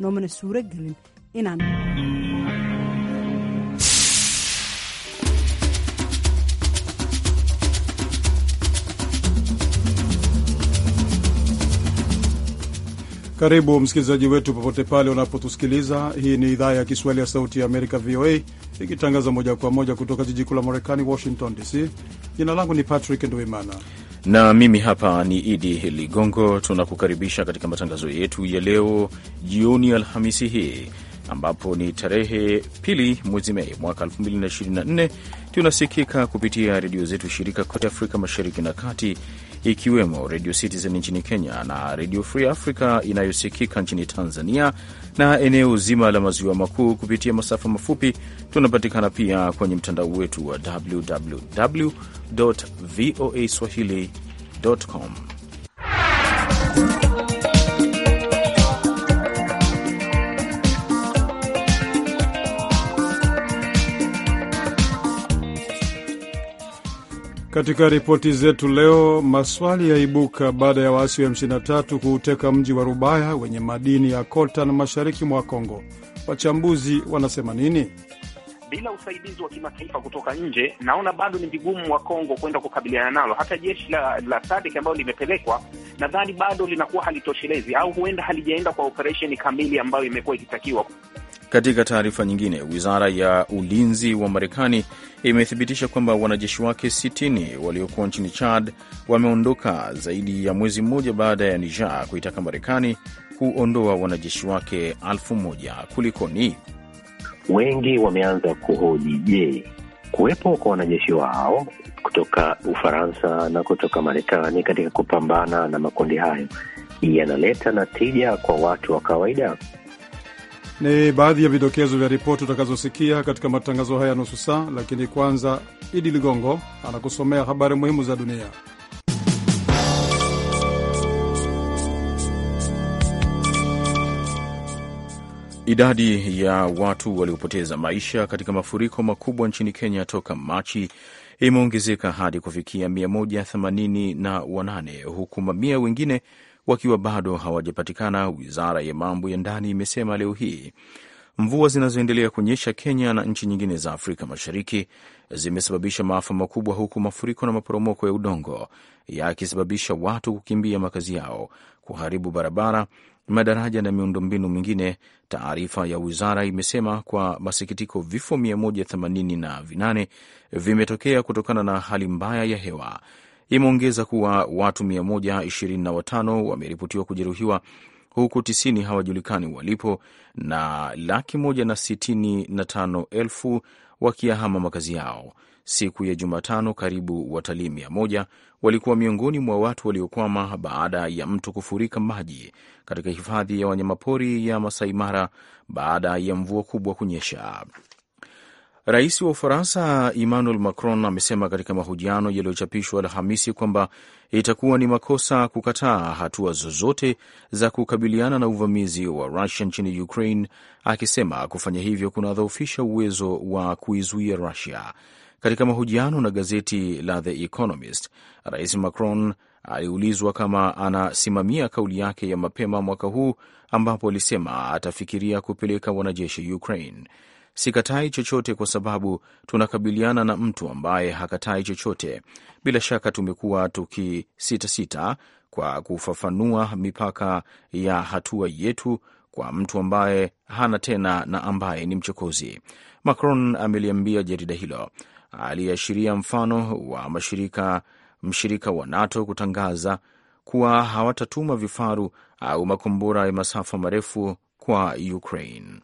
noomana suuro gelin inaan Karibu msikilizaji wetu popote pale unapotusikiliza. Hii ni idhaa ya Kiswahili ya Sauti ya Amerika, VOA, ikitangaza moja kwa moja kutoka jiji kuu la Marekani, Washington DC. Jina langu ni Patrick Nduimana na mimi hapa ni Idi Ligongo. Tunakukaribisha katika matangazo yetu ya leo jioni, Alhamisi hii ambapo ni tarehe pili mwezi Mei mwaka 2024. Tunasikika kupitia redio zetu shirika kote Afrika Mashariki na Kati, ikiwemo Radio Citizen nchini Kenya na Radio Free Africa inayosikika nchini Tanzania na eneo zima la maziwa makuu kupitia masafa mafupi. Tunapatikana pia kwenye mtandao wetu wa www voa swahili com. Katika ripoti zetu leo, maswali yaibuka baada ya waasi wa M23 kuuteka mji wa Rubaya wenye madini ya coltan mashariki mwa Kongo. Wachambuzi wanasema nini? bila usaidizi wa kimataifa kutoka nje, naona bado ni vigumu wa Kongo kwenda kukabiliana nalo. Hata jeshi la, la SADC ambalo limepelekwa nadhani bado linakuwa halitoshelezi au huenda halijaenda kwa operesheni kamili ambayo imekuwa ikitakiwa. Katika taarifa nyingine, wizara ya ulinzi wa Marekani imethibitisha kwamba wanajeshi wake 60 waliokuwa nchini Chad wameondoka zaidi ya mwezi mmoja baada ya Niger kuitaka Marekani kuondoa wanajeshi wake elfu moja. Kulikoni? wengi wameanza kuhoji, je, kuwepo kwa wanajeshi wao kutoka Ufaransa na kutoka Marekani katika kupambana na makundi hayo yanaleta na tija kwa watu wa kawaida? Ni baadhi ya vidokezo vya ripoti utakazosikia katika matangazo haya nusu saa, lakini kwanza Idi Ligongo anakusomea habari muhimu za dunia. Idadi ya watu waliopoteza maisha katika mafuriko makubwa nchini Kenya toka Machi imeongezeka hadi kufikia 188 huku mamia wengine wakiwa bado hawajapatikana, wizara ya mambo ya ndani imesema leo hii. Mvua zinazoendelea kunyesha Kenya na nchi nyingine za Afrika Mashariki zimesababisha maafa makubwa, huku mafuriko na maporomoko ya udongo yakisababisha watu kukimbia makazi yao, kuharibu barabara madaraja na miundombinu mingine. Taarifa ya wizara imesema kwa masikitiko, vifo 188 vimetokea kutokana na hali mbaya ya hewa. Imeongeza kuwa watu 125 wameripotiwa kujeruhiwa huku tisini hawajulikani walipo na laki moja na sitini na tano elfu wakiahama makazi yao siku ya Jumatano, karibu watalii mia moja walikuwa miongoni mwa watu waliokwama baada ya mto kufurika maji katika hifadhi ya wanyamapori ya Masai Mara baada ya mvua kubwa kunyesha. Rais wa Ufaransa Emmanuel Macron amesema katika mahojiano yaliyochapishwa Alhamisi kwamba itakuwa ni makosa kukataa hatua zozote za kukabiliana na uvamizi wa Rusia nchini Ukraine, akisema kufanya hivyo kunadhoofisha uwezo wa kuizuia Rusia. Katika mahojiano na gazeti la The Economist, Rais Macron aliulizwa kama anasimamia kauli yake ya mapema mwaka huu ambapo alisema atafikiria kupeleka wanajeshi Ukraine. Sikatai chochote kwa sababu tunakabiliana na mtu ambaye hakatai chochote. Bila shaka tumekuwa tukisitasita kwa kufafanua mipaka ya hatua yetu kwa mtu ambaye hana tena na ambaye ni mchokozi, Macron ameliambia jarida hilo aliashiria mfano wa mashirika mshirika wa NATO kutangaza kuwa hawatatuma vifaru au makombora ya masafa marefu kwa Ukraine.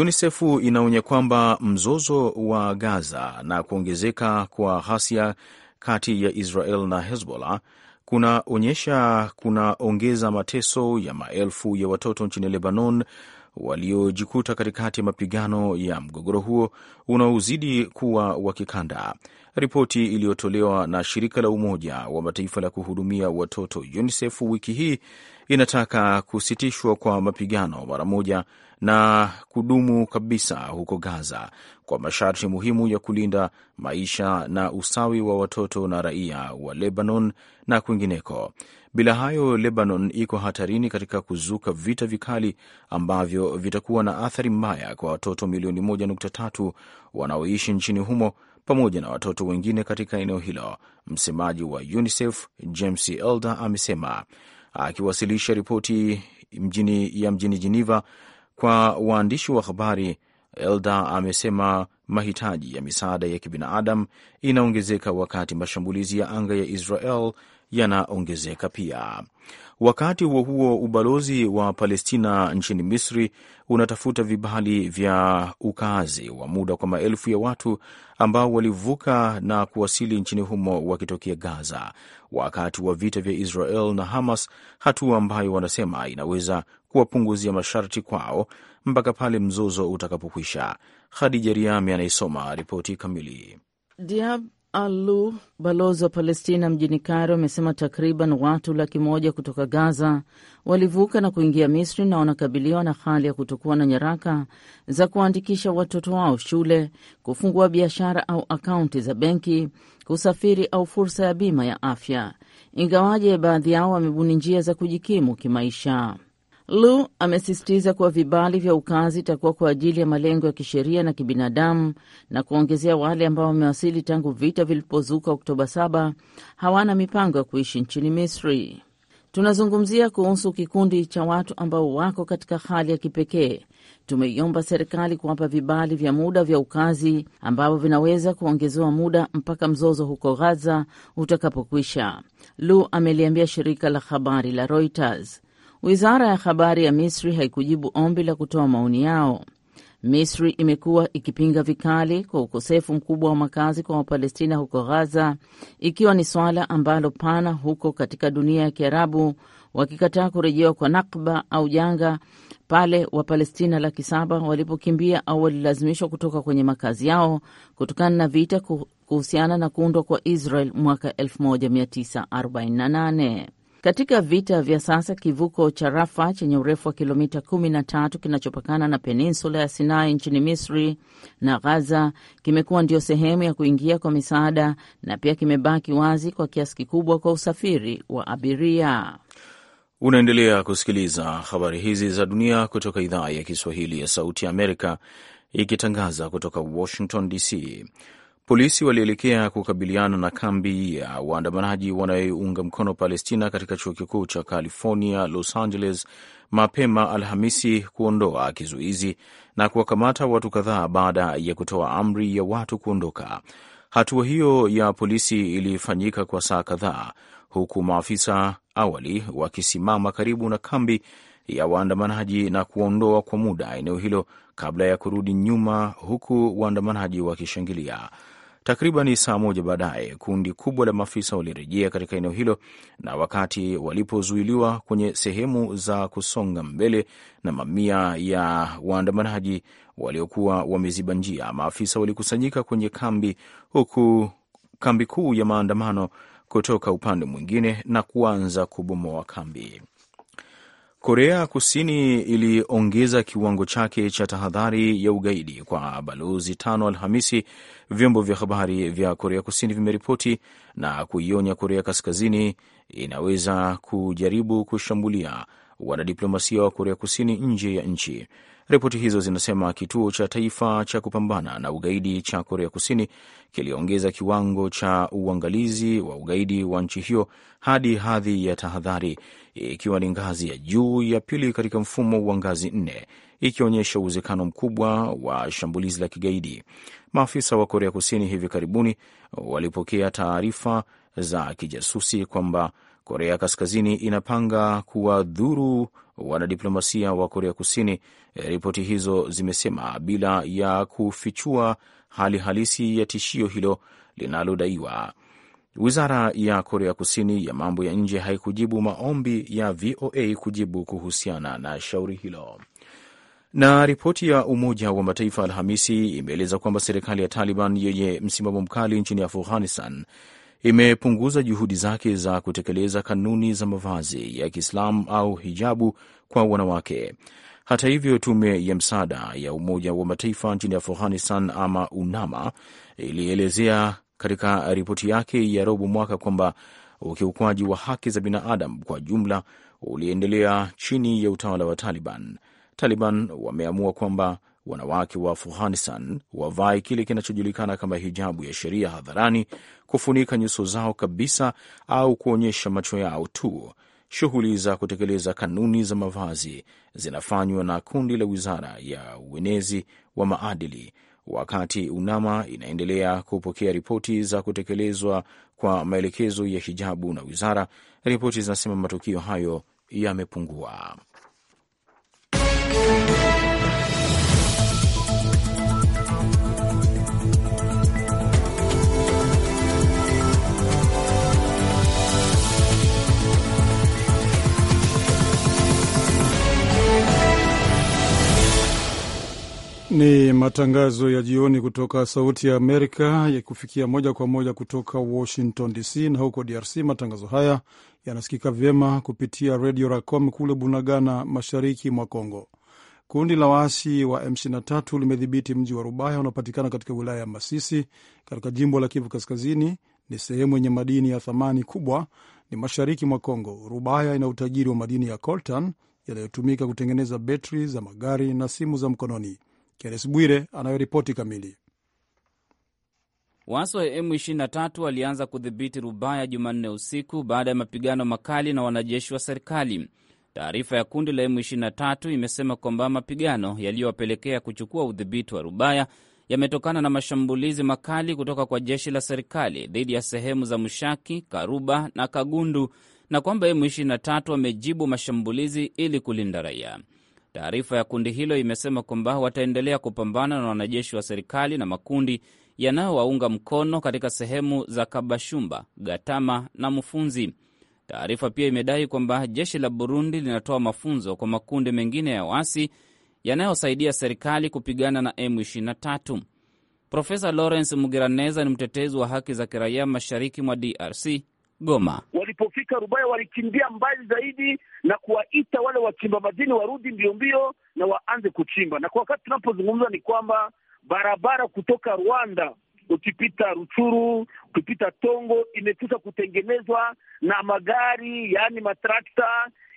UNICEF inaonya kwamba mzozo wa Gaza na kuongezeka kwa ghasia kati ya Israel na Hezbollah kunaonyesha kunaongeza mateso ya maelfu ya watoto nchini Lebanon waliojikuta katikati ya mapigano ya mgogoro huo unaozidi kuwa wa kikanda Ripoti iliyotolewa na shirika la Umoja wa Mataifa la kuhudumia watoto UNICEF wiki hii inataka kusitishwa kwa mapigano mara moja na kudumu kabisa huko Gaza kwa masharti muhimu ya kulinda maisha na usawi wa watoto na raia wa Lebanon na kwingineko. Bila hayo, Lebanon iko hatarini katika kuzuka vita vikali ambavyo vitakuwa na athari mbaya kwa watoto milioni 1.3 wanaoishi nchini humo pamoja na watoto wengine katika eneo hilo. Msemaji wa UNICEF James Elder amesema akiwasilisha ripoti mjini, ya mjini Geneva kwa waandishi wa habari. Elda amesema mahitaji ya misaada ya kibinadamu inaongezeka wakati mashambulizi ya anga ya Israel yanaongezeka pia. Wakati huo huo, ubalozi wa Palestina nchini Misri unatafuta vibali vya ukaazi wa muda kwa maelfu ya watu ambao walivuka na kuwasili nchini humo wakitokea Gaza wakati wa vita vya Israel na Hamas, hatua ambayo wanasema inaweza kuwapunguzia masharti kwao mpaka pale mzozo utakapokwisha. Khadija Riami anaisoma ripoti kamili. Diab Alu, balozi wa Palestina mjini Cairo, amesema takriban watu laki moja kutoka Gaza walivuka na kuingia Misri na wanakabiliwa na hali ya kutokuwa na nyaraka za kuandikisha watoto wao shule, kufungua biashara au akaunti za benki, kusafiri au fursa ya bima ya afya, ingawaje baadhi yao wamebuni njia za kujikimu kimaisha. Lu amesisitiza kuwa vibali vya ukazi itakuwa kwa ajili ya malengo ya kisheria na kibinadamu, na kuongezea wale ambao wamewasili tangu vita vilipozuka Oktoba 7 hawana mipango ya kuishi nchini Misri. Tunazungumzia kuhusu kikundi cha watu ambao wako katika hali ya kipekee. Tumeiomba serikali kuwapa vibali vya muda vya ukazi ambavyo vinaweza kuongezewa muda mpaka mzozo huko Gaza utakapokwisha, Lu ameliambia shirika la habari la Reuters. Wizara ya habari ya Misri haikujibu ombi la kutoa maoni yao. Misri imekuwa ikipinga vikali kwa ukosefu mkubwa wa makazi kwa Wapalestina huko ghaza ikiwa ni suala ambalo pana huko katika dunia ya Kiarabu, wakikataa kurejewa kwa Nakba au janga pale Wapalestina laki saba walipokimbia au walilazimishwa kutoka kwenye makazi yao kutokana na vita kuhusiana na kuundwa kwa Israel mwaka 1948. Katika vita vya sasa, kivuko cha Rafa chenye urefu wa kilomita 13 kinachopakana na peninsula ya Sinai nchini Misri na Ghaza kimekuwa ndio sehemu ya kuingia kwa misaada na pia kimebaki wazi kwa kiasi kikubwa kwa usafiri wa abiria. Unaendelea kusikiliza habari hizi za dunia kutoka idhaa ya Kiswahili ya Sauti ya Amerika, ikitangaza kutoka Washington DC. Polisi walielekea kukabiliana na kambi ya waandamanaji wanayounga mkono Palestina katika chuo kikuu cha California Los Angeles mapema Alhamisi kuondoa kizuizi na kuwakamata watu kadhaa baada ya kutoa amri ya watu kuondoka. Hatua hiyo ya polisi ilifanyika kwa saa kadhaa, huku maafisa awali wakisimama karibu na kambi ya waandamanaji na kuondoa kwa muda eneo hilo kabla ya kurudi nyuma, huku waandamanaji wakishangilia. Takriban saa moja baadaye, kundi kubwa la maafisa walirejea katika eneo hilo, na wakati walipozuiliwa kwenye sehemu za kusonga mbele na mamia ya waandamanaji waliokuwa wameziba njia, maafisa walikusanyika kwenye kambi, huku kambi kuu ya maandamano kutoka upande mwingine na kuanza kubomoa kambi. Korea Kusini iliongeza kiwango chake cha tahadhari ya ugaidi kwa balozi tano Alhamisi, vyombo vya habari vya Korea Kusini vimeripoti, na kuionya Korea Kaskazini inaweza kujaribu kushambulia wanadiplomasia wa Korea Kusini nje ya nchi. Ripoti hizo zinasema kituo cha taifa cha kupambana na ugaidi cha Korea Kusini kiliongeza kiwango cha uangalizi wa ugaidi wa nchi hiyo hadi hadhi ya tahadhari, ikiwa ni ngazi ya juu ya pili katika mfumo wa ngazi nne, ikionyesha uwezekano mkubwa wa shambulizi la kigaidi. Maafisa wa Korea Kusini hivi karibuni walipokea taarifa za kijasusi kwamba Korea Kaskazini inapanga kuwadhuru wanadiplomasia wa Korea Kusini Eh, ripoti hizo zimesema bila ya kufichua hali halisi ya tishio hilo linalodaiwa. Wizara ya Korea Kusini ya mambo ya nje haikujibu maombi ya VOA kujibu kuhusiana na shauri hilo. Na ripoti ya Umoja wa Mataifa Alhamisi imeeleza kwamba serikali ya Taliban yenye msimamo mkali nchini Afghanistan imepunguza juhudi zake za kutekeleza kanuni za mavazi ya Kiislamu au hijabu kwa wanawake. Hata hivyo, tume ya msaada ya Umoja wa Mataifa nchini Afghanistan ama UNAMA ilielezea katika ripoti yake ya robo mwaka kwamba ukiukwaji wa haki za binadamu kwa jumla uliendelea chini ya utawala wa Taliban. Taliban wameamua kwamba wanawake wa Afghanistan wavae kile kinachojulikana kama hijabu ya sheria hadharani, kufunika nyuso zao kabisa au kuonyesha macho yao tu shughuli za kutekeleza kanuni za mavazi zinafanywa na kundi la Wizara ya Uenezi wa Maadili, wakati UNAMA inaendelea kupokea ripoti za kutekelezwa kwa maelekezo ya hijabu na wizara. Ripoti zinasema matukio hayo yamepungua. Ni matangazo ya jioni kutoka Sauti ya Amerika yakufikia moja kwa moja kutoka Washington DC. Na huko DRC matangazo haya yanasikika vyema kupitia redio Racom kule Bunagana, mashariki mwa Congo. Kundi la waasi wa M23 limedhibiti mji wa Rubaya unaopatikana katika wilaya ya Masisi katika jimbo la Kivu Kaskazini. Ni sehemu yenye madini ya thamani kubwa, ni mashariki mwa Congo. Rubaya ina utajiri wa madini ya coltan yanayotumika kutengeneza betri za magari na simu za mkononi. Kenes Bwire anayoripoti kamili. Waasi wa M23 walianza kudhibiti Rubaya Jumanne usiku baada ya mapigano makali na wanajeshi wa serikali. Taarifa ya kundi la M23 imesema kwamba mapigano yaliyowapelekea kuchukua udhibiti wa Rubaya yametokana na mashambulizi makali kutoka kwa jeshi la serikali dhidi ya sehemu za Mushaki, Karuba na Kagundu, na kwamba M23 wamejibu mashambulizi ili kulinda raia. Taarifa ya kundi hilo imesema kwamba wataendelea kupambana na wanajeshi wa serikali na makundi yanayowaunga mkono katika sehemu za Kabashumba, Gatama na mfunzi Taarifa pia imedai kwamba jeshi la Burundi linatoa mafunzo kwa makundi mengine ya wasi yanayosaidia serikali kupigana na M23. Profesa Lawrence Mugiraneza ni mtetezi wa haki za kiraia mashariki mwa DRC Goma. Walipofika Rubaya, walikimbia mbali zaidi na kuwaita wale wachimba madini warudi mbio mbio na waanze kuchimba. Na kwa wakati tunapozungumza ni kwamba barabara kutoka Rwanda ukipita Ruchuru, ukipita Tongo, imekwisha kutengenezwa na magari, yaani matrakta.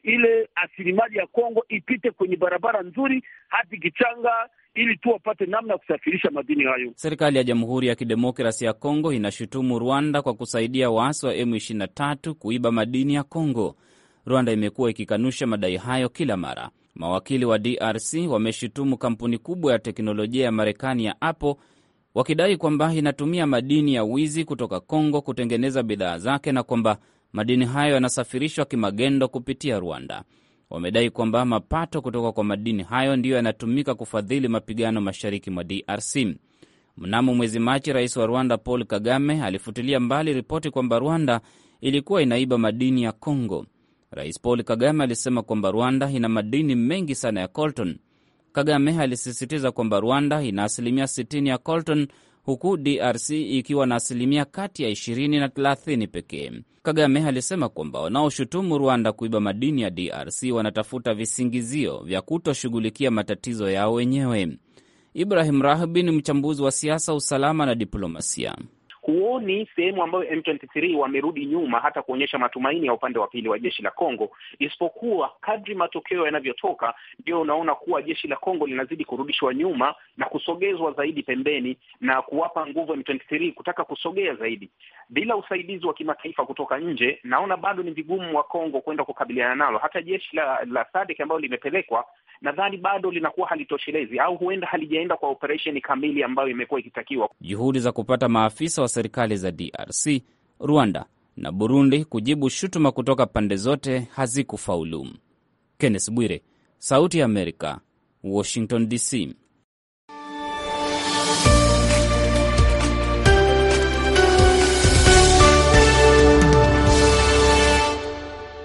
Ile asilimali ya Kongo ipite kwenye barabara nzuri hadi Kichanga ili tu wapate namna ya kusafirisha madini hayo. Serikali ya Jamhuri ya Kidemokrasi ya Kongo inashutumu Rwanda kwa kusaidia waasi wa M23 kuiba madini ya Kongo. Rwanda imekuwa ikikanusha madai hayo kila mara. Mawakili wa DRC wameshutumu kampuni kubwa ya teknolojia ya Marekani ya Apple wakidai kwamba inatumia madini ya wizi kutoka Kongo kutengeneza bidhaa zake na kwamba madini hayo yanasafirishwa kimagendo kupitia Rwanda. Wamedai kwamba mapato kutoka kwa madini hayo ndiyo yanatumika kufadhili mapigano mashariki mwa DRC. Mnamo mwezi Machi, rais wa Rwanda Paul Kagame alifutilia mbali ripoti kwamba Rwanda ilikuwa inaiba madini ya Kongo. Rais Paul Kagame alisema kwamba Rwanda ina madini mengi sana ya coltan Kagame alisisitiza kwamba Rwanda ina asilimia 60 ya colton huku DRC ikiwa na asilimia kati ya 20 na 30 pekee. Kagame alisema kwamba wanaoshutumu Rwanda kuiba madini ya DRC wanatafuta visingizio vya kutoshughulikia matatizo yao wenyewe. Ibrahim Rahbi ni mchambuzi wa siasa, usalama na diplomasia huoni sehemu ambayo M23 wamerudi nyuma hata kuonyesha matumaini ya upande wa pili wa jeshi la Kongo, isipokuwa kadri matokeo yanavyotoka ndio unaona kuwa jeshi la Kongo linazidi kurudishwa nyuma na kusogezwa zaidi pembeni na kuwapa nguvu M23 kutaka kusogea zaidi. Bila usaidizi wa kimataifa kutoka nje, naona bado ni vigumu wa Kongo kwenda kukabiliana nalo. Hata jeshi la, la SADC ambalo limepelekwa nadhani bado linakuwa halitoshelezi au huenda halijaenda kwa operesheni kamili ambayo imekuwa ikitakiwa. Juhudi za kupata maafisa wa serikali za DRC, Rwanda na Burundi kujibu shutuma kutoka pande zote hazikufaulu. Kenneth Bwire, Sauti ya Amerika, Washington DC.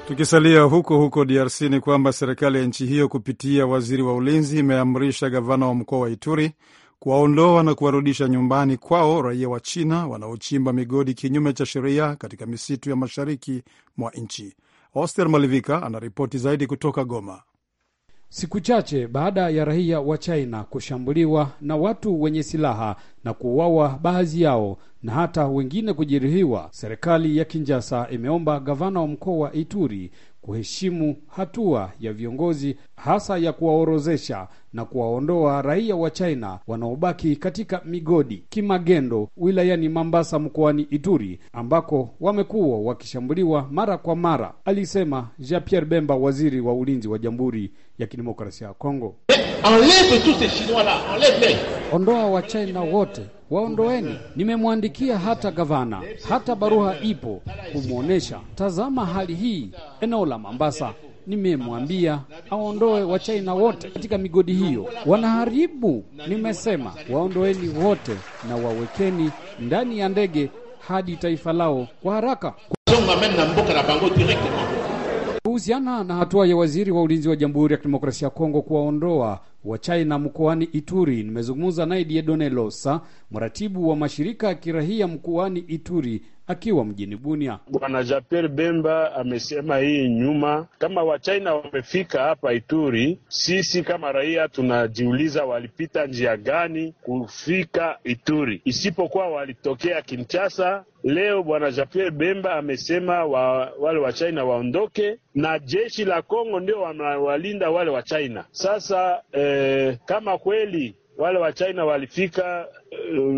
Tukisalia huko huko DRC ni kwamba serikali ya nchi hiyo kupitia waziri wa ulinzi imeamrisha gavana wa mkoa wa Ituri kuwaondoa na kuwarudisha nyumbani kwao raia wa China wanaochimba migodi kinyume cha sheria katika misitu ya mashariki mwa nchi. Oster Malivika anaripoti zaidi kutoka Goma. Siku chache baada ya raia wa China kushambuliwa na watu wenye silaha na kuuawa baadhi yao na hata wengine kujeruhiwa, serikali ya kinjasa imeomba gavana wa mkoa wa Ituri kuheshimu hatua ya viongozi hasa ya kuwaorozesha na kuwaondoa raia wa China wanaobaki katika migodi kimagendo wilayani Mambasa mkoani Ituri ambako wamekuwa wakishambuliwa mara kwa mara, alisema Jean Pierre Bemba, waziri wa ulinzi wa Jamhuri ya Kidemokrasia ya Kongo. Eh, Ondoa wa China wote waondoeni. Nimemwandikia hata gavana, hata barua ipo kumwonyesha, tazama hali hii eneo la Mambasa. Nimemwambia aondoe wachaina wote katika migodi hiyo, wanaharibu. Nimesema waondoeni wote na wawekeni ndani ya ndege hadi taifa lao kwa haraka. Kuhusiana na hatua ya waziri wa ulinzi wa Jamhuri ya Kidemokrasia ya Kongo kuwaondoa wa China mkoani Ituri. Nimezungumza naye Diedone Losa, mratibu wa mashirika ya kirahia mkoani Ituri akiwa mjini Bunia. Bwana japier Bemba amesema hii nyuma, kama Wachina wamefika hapa Ituri, sisi kama raia tunajiuliza walipita njia gani kufika Ituri, isipokuwa walitokea Kinshasa. Leo bwana Jean Pierre Bemba amesema wa, wale Wachina waondoke na jeshi la Kongo ndio wanawalinda wale Wachina. Sasa eh, Eh, kama kweli wale wa China walifika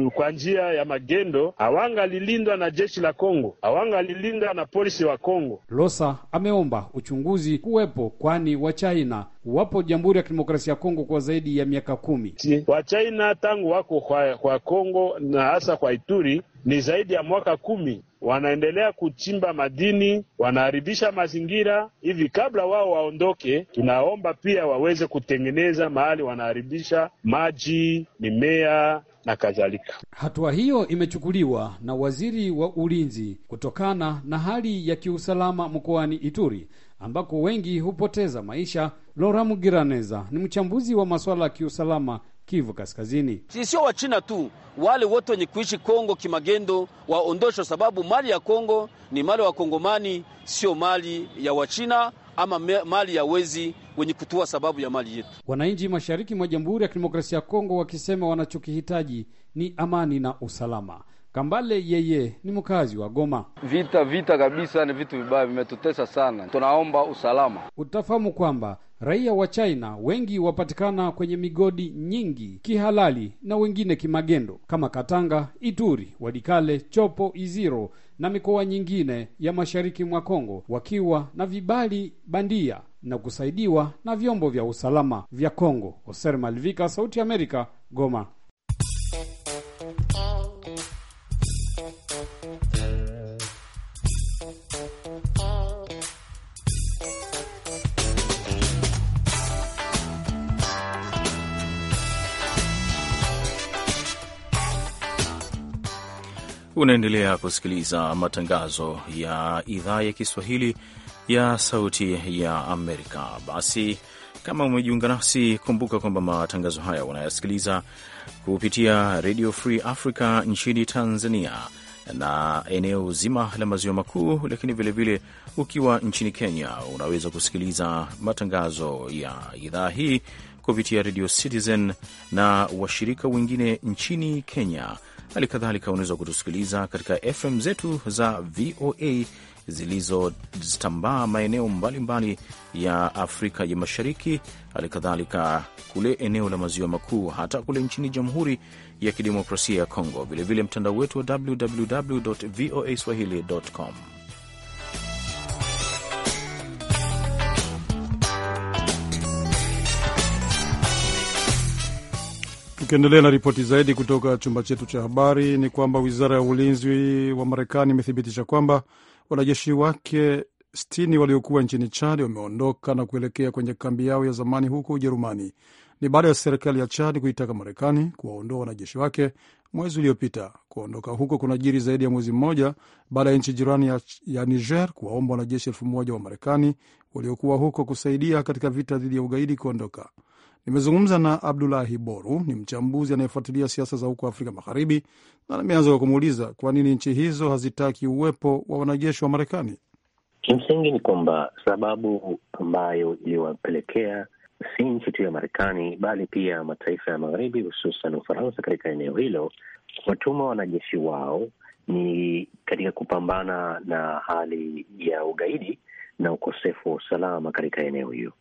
uh, kwa njia ya magendo, hawangalilindwa na jeshi la Kongo, hawangalilindwa na polisi wa Kongo. Losa ameomba uchunguzi kuwepo, kwani wa China wapo Jamhuri ya Kidemokrasia ya Kongo kwa zaidi ya miaka kumi. Wa China tangu wako kwa, kwa Kongo na hasa kwa Ituri ni zaidi ya mwaka kumi wanaendelea kuchimba madini, wanaharibisha mazingira. Hivi kabla wao waondoke, tunaomba pia waweze kutengeneza mahali wanaharibisha maji, mimea na kadhalika. Hatua hiyo imechukuliwa na waziri wa ulinzi kutokana na hali ya kiusalama mkoani Ituri ambako wengi hupoteza maisha. Lora Mugiraneza ni mchambuzi wa masuala ya kiusalama Kivu Kaskazini. Sio Wachina tu, wale wote wenye kuishi Kongo kimagendo waondoshwe, sababu mali ya Kongo ni mali ya Wakongomani, sio mali ya Wachina ama mali ya wezi wenye kutua sababu ya mali yetu. Wananchi mashariki mwa Jamhuri ya Kidemokrasia ya Kongo wakisema wanachokihitaji ni amani na usalama. Kambale yeye ni mkazi wa Goma. Vita vita kabisa, ni vitu vibaya, vimetutesa sana, tunaomba usalama. Utafahamu kwamba raia wa China wengi wapatikana kwenye migodi nyingi kihalali na wengine kimagendo, kama Katanga, Ituri, Walikale, Chopo, Iziro na mikoa nyingine ya mashariki mwa Kongo, wakiwa na vibali bandia na kusaidiwa na vyombo vya usalama vya Kongo. Oser Malvika, Sauti ya Amerika, Goma. Unaendelea kusikiliza matangazo ya idhaa ya Kiswahili ya Sauti ya Amerika. Basi kama umejiunga nasi, kumbuka kwamba matangazo haya unayasikiliza kupitia Radio Free Africa nchini Tanzania na eneo zima la maziwa makuu, lakini vilevile ukiwa nchini Kenya unaweza kusikiliza matangazo ya idhaa hii kupitia Radio Citizen na washirika wengine nchini Kenya Hali kadhalika unaweza kutusikiliza katika FM zetu za VOA zilizotambaa maeneo mbalimbali ya Afrika ya Mashariki, hali kadhalika kule eneo la maziwa makuu, hata kule nchini Jamhuri ya Kidemokrasia ya Kongo, vilevile mtandao wetu wa www voa swahili.com. Tukiendelea na ripoti zaidi kutoka chumba chetu cha habari ni kwamba wizara ya ulinzi wa Marekani imethibitisha kwamba wanajeshi wake sitini waliokuwa nchini Chad wameondoka na kuelekea kwenye kambi yao ya zamani huko Ujerumani. Ni baada ya serikali ya Chad kuitaka Marekani kuwaondoa wanajeshi wake mwezi uliopita. Kuondoka huko kuna jiri zaidi ya mwezi mmoja baada ya nchi jirani ya, ya Niger kuwaomba wanajeshi elfu moja wa Marekani waliokuwa huko kusaidia katika vita dhidi ya ugaidi kuondoka. Nimezungumza na Abdulahi Boru, ni mchambuzi anayefuatilia siasa za huko Afrika Magharibi, na nimeanza kwa kumuuliza kwa nini nchi hizo hazitaki uwepo wa wanajeshi wa Marekani. Kimsingi ni kwamba sababu ambayo iliwapelekea si nchi tu ya Marekani bali pia mataifa ya Magharibi, hususan Ufaransa katika eneo hilo watuma wanajeshi wao ni katika kupambana na hali ya ugaidi na ukosefu wa usalama katika eneo hiyo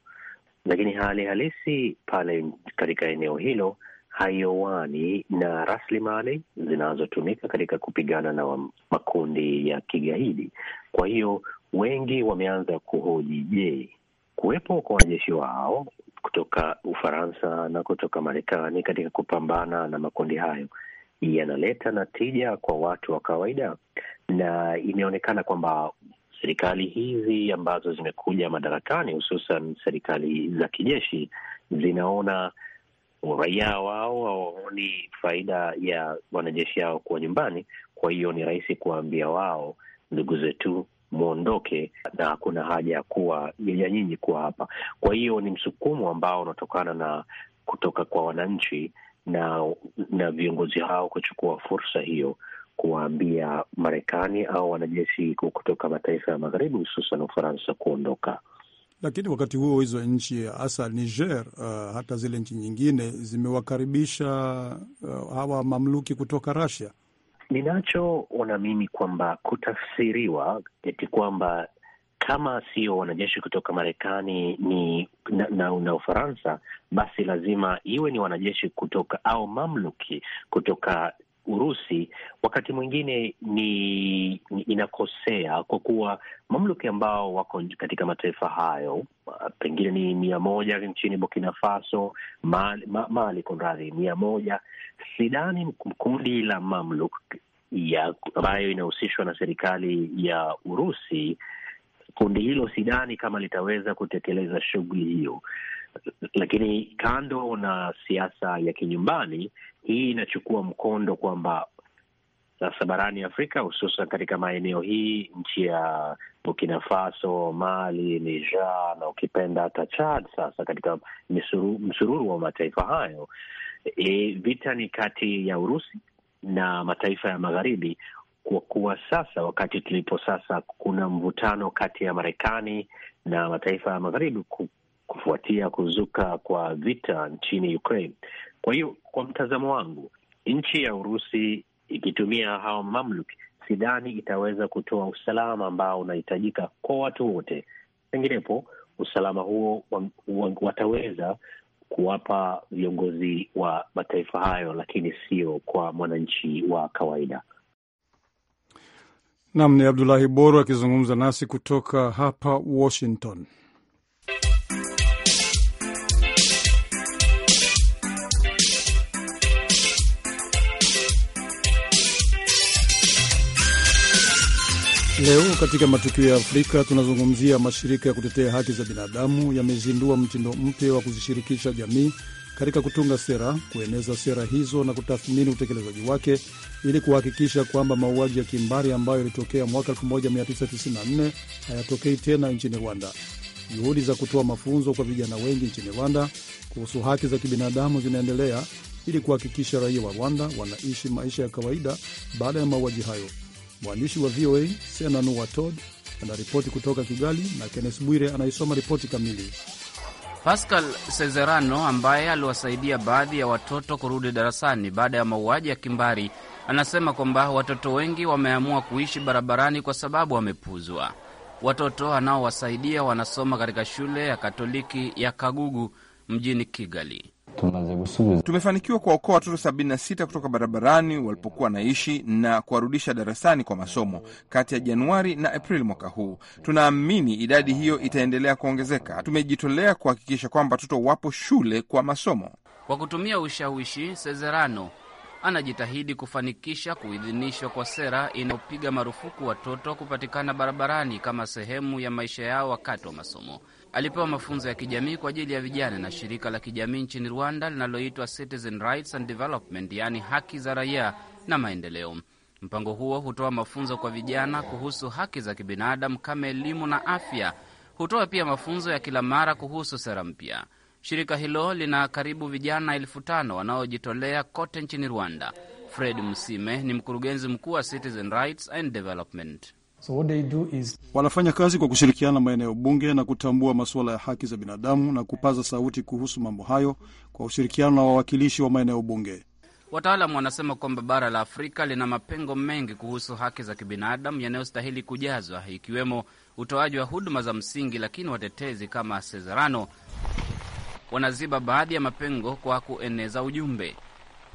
lakini hali halisi pale katika eneo hilo haiowani na rasilimali zinazotumika katika kupigana na makundi ya kigaidi. Kwa hiyo wengi wameanza kuhoji, je, kuwepo kwa wanajeshi wao kutoka Ufaransa na kutoka Marekani katika kupambana na makundi hayo yanaleta natija kwa watu wa kawaida? Na imeonekana kwamba serikali hizi ambazo zimekuja madarakani, hususan serikali za kijeshi, zinaona raia wao hawaoni faida ya wanajeshi hao kuwa nyumbani. Kwa hiyo ni rahisi kuwaambia wao, ndugu zetu mwondoke na hakuna haja ya kuwa ya nyinyi kuwa hapa. Kwa hiyo ni msukumo ambao unatokana na kutoka kwa wananchi na na viongozi hao kuchukua fursa hiyo kuwaambia Marekani au wanajeshi kutoka mataifa ya magharibi hususan Ufaransa kuondoka. Lakini wakati huo hizo nchi hasa Niger, uh, hata zile nchi nyingine zimewakaribisha uh, hawa mamluki kutoka Russia. Ninachoona mimi kwamba kutafsiriwa eti kwamba kama sio wanajeshi kutoka Marekani ni na, na, na Ufaransa, basi lazima iwe ni wanajeshi kutoka au mamluki kutoka Urusi wakati mwingine ni, ni inakosea kwa kuwa mamluki ambao wako katika mataifa hayo uh, pengine ni mia moja nchini Burkina Faso, Mali, ma, kunradhi, mia moja sidani kundi la mamluk ya ambayo inahusishwa na serikali ya Urusi, kundi hilo sidani kama litaweza kutekeleza shughuli hiyo. Lakini kando na siasa ya kinyumbani, hii inachukua mkondo kwamba sasa barani Afrika hususan katika maeneo hii nchi ya Burkina Faso, Mali, Niger na ukipenda hata Chad, sasa katika msururu, msururu wa mataifa hayo e, vita ni kati ya Urusi na mataifa ya magharibi, kwa kuwa sasa wakati tulipo sasa, kuna mvutano kati ya Marekani na mataifa ya magharibi kufuatia kuzuka kwa vita nchini Ukraine. Kwa hiyo kwa mtazamo wangu, nchi ya Urusi ikitumia hawa mamluki, sidhani itaweza kutoa usalama ambao unahitajika kwa watu wote. Penginepo usalama huo wataweza kuwapa viongozi wa mataifa hayo, lakini sio kwa mwananchi wa kawaida. Nam ni Abdulahi Boru akizungumza nasi kutoka hapa Washington. Leo katika matukio ya Afrika tunazungumzia mashirika ya kutetea haki za binadamu yamezindua mtindo mpya wa kuzishirikisha jamii katika kutunga sera, kueneza sera hizo na kutathmini utekelezaji wake ili kuhakikisha kwamba mauaji ya kimbari ambayo yalitokea mwaka 1994 hayatokei tena nchini Rwanda. Juhudi za kutoa mafunzo kwa vijana wengi nchini Rwanda kuhusu haki za kibinadamu zinaendelea ili kuhakikisha raia wa Rwanda wanaishi maisha ya kawaida baada ya mauaji hayo. Mwandishi wa VOA Senan Watod anaripoti kutoka Kigali na Kennes Bwire anaisoma ripoti kamili. Pascal Sezerano ambaye aliwasaidia baadhi ya watoto kurudi darasani baada ya mauaji ya kimbari anasema kwamba watoto wengi wameamua kuishi barabarani kwa sababu wamepuzwa. Watoto anaowasaidia wanasoma katika shule ya Katoliki ya Kagugu mjini Kigali. Tumefanikiwa kuwaokoa watoto sabini na sita kutoka barabarani walipokuwa wanaishi na kuwarudisha darasani kwa masomo kati ya Januari na Aprili mwaka huu. Tunaamini idadi hiyo itaendelea kuongezeka. Tumejitolea kuhakikisha kwamba watoto wapo shule kwa masomo. Kwa kutumia ushawishi, Sezerano anajitahidi kufanikisha kuidhinishwa kwa sera inayopiga marufuku watoto kupatikana barabarani kama sehemu ya maisha yao wakati wa masomo. Alipewa mafunzo ya kijamii kwa ajili ya vijana na shirika la kijamii nchini Rwanda linaloitwa Citizen Rights and Development, yaani haki za raia na maendeleo. Mpango huo hutoa mafunzo kwa vijana kuhusu haki za kibinadamu kama elimu na afya. Hutoa pia mafunzo ya kila mara kuhusu sera mpya. Shirika hilo lina karibu vijana elfu tano wanaojitolea kote nchini Rwanda. Fred Msime ni mkurugenzi mkuu wa Citizen Rights and Development. So what they do is... wanafanya kazi kwa kushirikiana maeneo bunge na kutambua masuala ya haki za binadamu na kupaza sauti kuhusu mambo hayo kwa ushirikiano na wawakilishi wa maeneo bunge. Wataalamu wanasema kwamba bara la Afrika lina mapengo mengi kuhusu haki za kibinadamu yanayostahili kujazwa, ikiwemo utoaji wa huduma za msingi, lakini watetezi kama Sezerano wanaziba baadhi ya mapengo kwa kueneza ujumbe.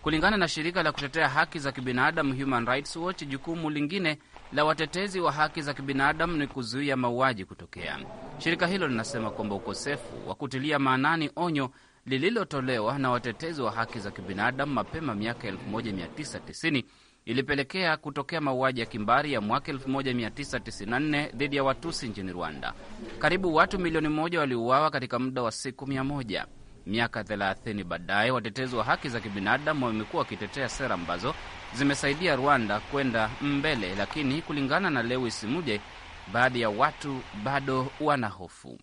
Kulingana na shirika la kutetea haki za kibinadamu Human Rights Watch, jukumu lingine la watetezi wa haki za kibinadamu ni kuzuia mauaji kutokea. Shirika hilo linasema kwamba ukosefu wa kutilia maanani onyo lililotolewa na watetezi wa haki za kibinadamu mapema miaka 1990 ilipelekea kutokea mauaji ya kimbari ya mwaka 1994 dhidi ya Watusi nchini Rwanda. Karibu watu milioni moja waliuawa katika muda wa siku mia moja. Miaka 30 baadaye, watetezi wa haki za kibinadamu wamekuwa wakitetea sera ambazo zimesaidia Rwanda kwenda mbele, lakini kulingana na Lewis Muje, baadhi ya watu bado wana hofu.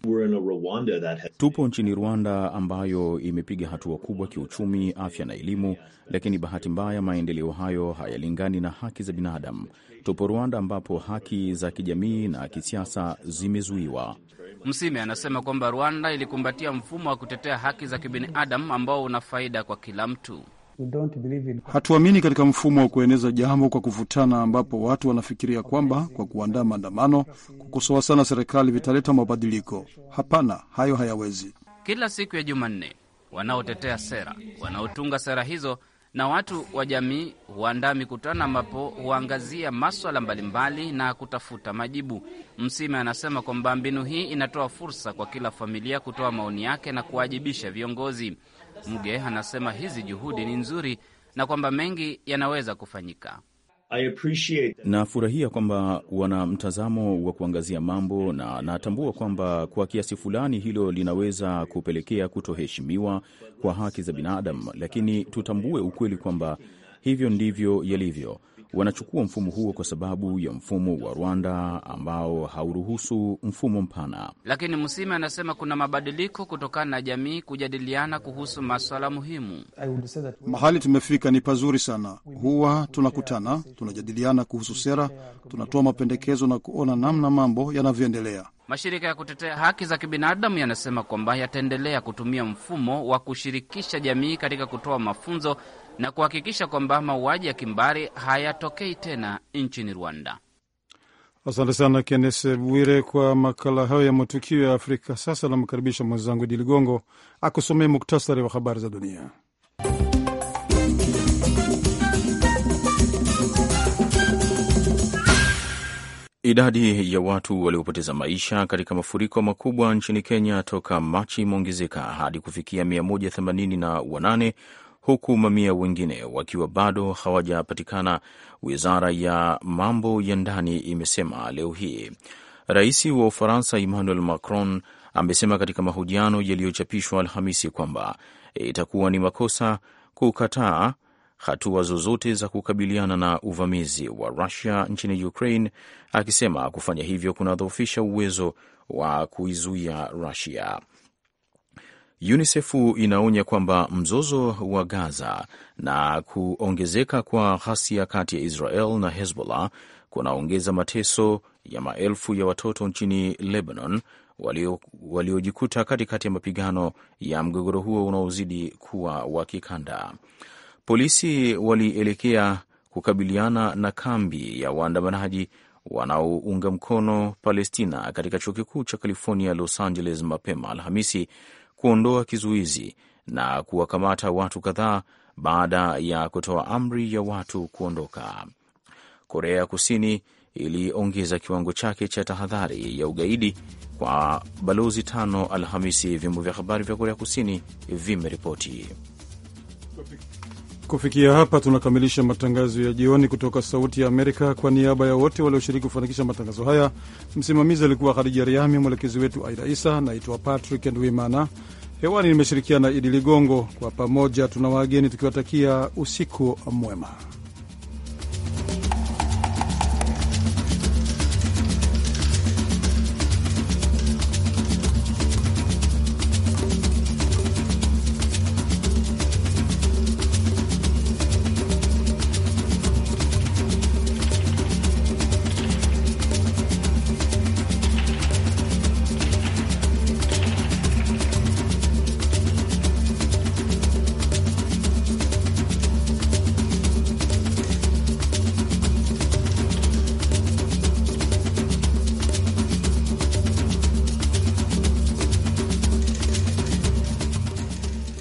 Tupo nchini Rwanda ambayo imepiga hatua kubwa kiuchumi, afya na elimu, lakini bahati mbaya maendeleo hayo hayalingani na haki za binadamu. Tupo Rwanda ambapo haki za kijamii na kisiasa zimezuiwa. Msime anasema kwamba Rwanda ilikumbatia mfumo wa kutetea haki za kibinadamu ambao una faida kwa kila mtu. Hatuamini katika mfumo wa kueneza jambo kwa kuvutana, ambapo watu wanafikiria kwamba kwa kuandaa maandamano, kukosoa sana serikali vitaleta mabadiliko. Hapana, hayo hayawezi. Kila siku ya Jumanne wanaotetea sera, wanaotunga sera hizo na watu wa jamii huandaa mikutano ambapo huangazia maswala mbalimbali na kutafuta majibu. Msime anasema kwamba mbinu hii inatoa fursa kwa kila familia kutoa maoni yake na kuwajibisha viongozi. Mge anasema hizi juhudi ni nzuri na kwamba mengi yanaweza kufanyika. Nafurahia kwamba wana mtazamo wa kuangazia mambo na natambua kwamba kwa kiasi fulani hilo linaweza kupelekea kutoheshimiwa kwa haki za binadamu, lakini tutambue ukweli kwamba hivyo ndivyo yalivyo. Wanachukua mfumo huo kwa sababu ya mfumo wa Rwanda ambao hauruhusu mfumo mpana. Lakini Musime anasema kuna mabadiliko kutokana na jamii kujadiliana kuhusu maswala muhimu. Mahali tumefika ni pazuri sana, huwa tunakutana, tunajadiliana kuhusu sera, tunatoa mapendekezo na kuona namna mambo yanavyoendelea. Mashirika ya kutetea haki za kibinadamu yanasema kwamba yataendelea kutumia mfumo wa kushirikisha jamii katika kutoa mafunzo na kuhakikisha kwamba mauaji ya kimbari hayatokei tena nchini Rwanda. Asante sana Kennes Bwire kwa makala hayo ya matukio ya Afrika. Sasa namkaribisha mwenzangu Idi Ligongo akusomee muktasari wa habari za dunia. Idadi ya watu waliopoteza maisha katika mafuriko makubwa nchini Kenya toka Machi imeongezeka hadi kufikia 188 huku mamia wengine wakiwa bado hawajapatikana, wizara ya mambo ya ndani imesema leo hii. Rais wa Ufaransa Emmanuel Macron amesema katika mahojiano yaliyochapishwa Alhamisi kwamba itakuwa ni makosa kukataa hatua zozote za kukabiliana na uvamizi wa Rusia nchini Ukraine, akisema kufanya hivyo kunadhoofisha uwezo wa kuizuia Rusia. UNICEF inaonya kwamba mzozo wa Gaza na kuongezeka kwa ghasia kati ya Israel na Hezbollah kunaongeza mateso ya maelfu ya watoto nchini Lebanon waliojikuta walio katikati ya mapigano ya mgogoro huo unaozidi kuwa wa kikanda. Polisi walielekea kukabiliana na kambi ya waandamanaji wanaounga mkono Palestina katika chuo kikuu cha California, Los Angeles mapema Alhamisi kuondoa kizuizi na kuwakamata watu kadhaa baada ya kutoa amri ya watu kuondoka. Korea Kusini iliongeza kiwango chake cha tahadhari ya ugaidi kwa balozi tano Alhamisi, vyombo vya habari vya Korea Kusini vimeripoti. Kufikia hapa tunakamilisha matangazo ya jioni kutoka Sauti ya Amerika. Kwa niaba ya wote walioshiriki kufanikisha matangazo haya, msimamizi alikuwa Khadija Riami, mwelekezi wetu Aida Isa. Naitwa Patrick Ndwimana, hewani nimeshirikiana na Idi Ligongo. Kwa pamoja tuna wageni tukiwatakia usiku mwema.